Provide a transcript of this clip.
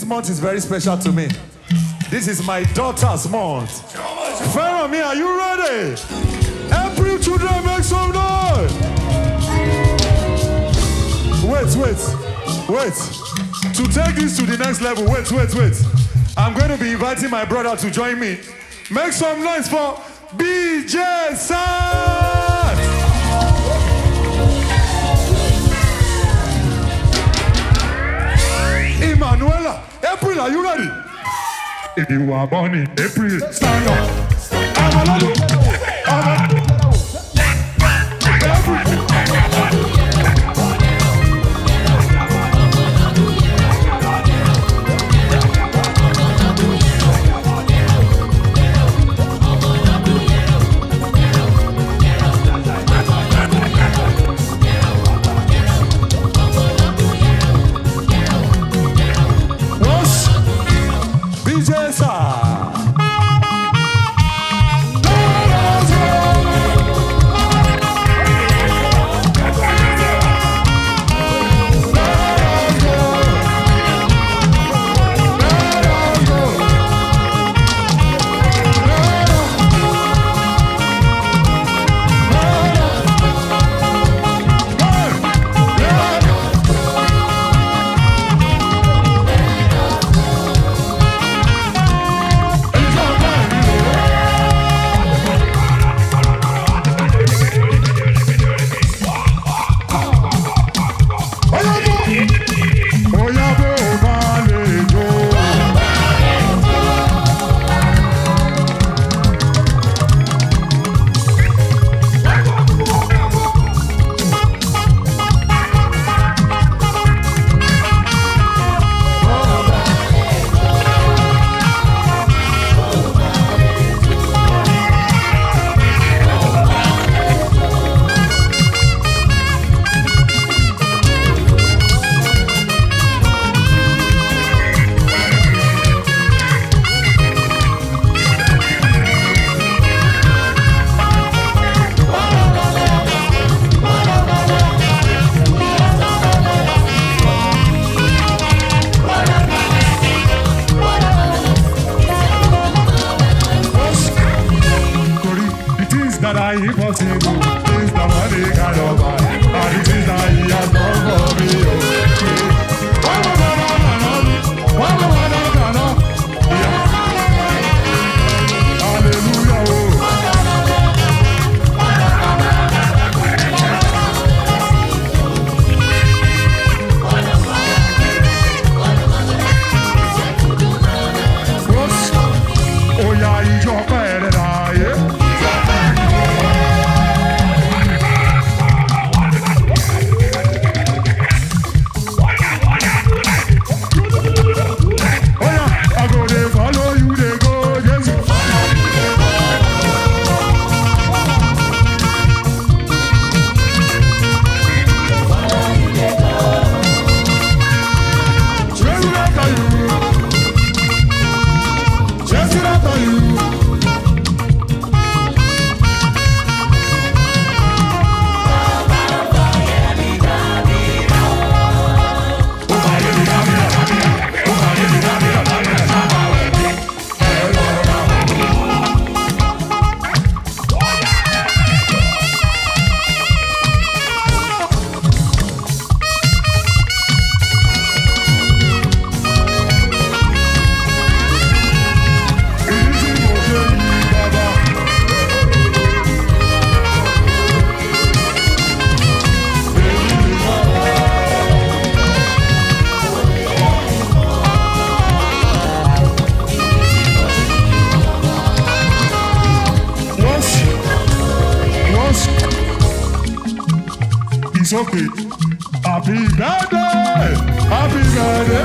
This month is very special to me. This is my daughter's month. Feromi, are you ready? April children make some noise. Wait, wait, wait. To take this to the next level, wait, wait, wait. I'm going to be inviting my brother to join me. Make some noise for BJ Sam. are you ready? If you are born in April, stand up. I'm a table. sókè. Happy birthday! Happy birthday!